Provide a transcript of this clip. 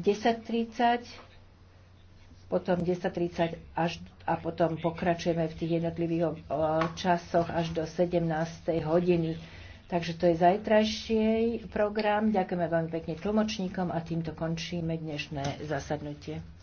10.30, potom 10.30 až, a potom pokračujeme v tých jednotlivých eh, časoch až do 17. hodiny. Takže to je zajtrajší program. Ďakujeme veľmi pekne tlmočníkom a týmto končíme dnešné zasadnutie.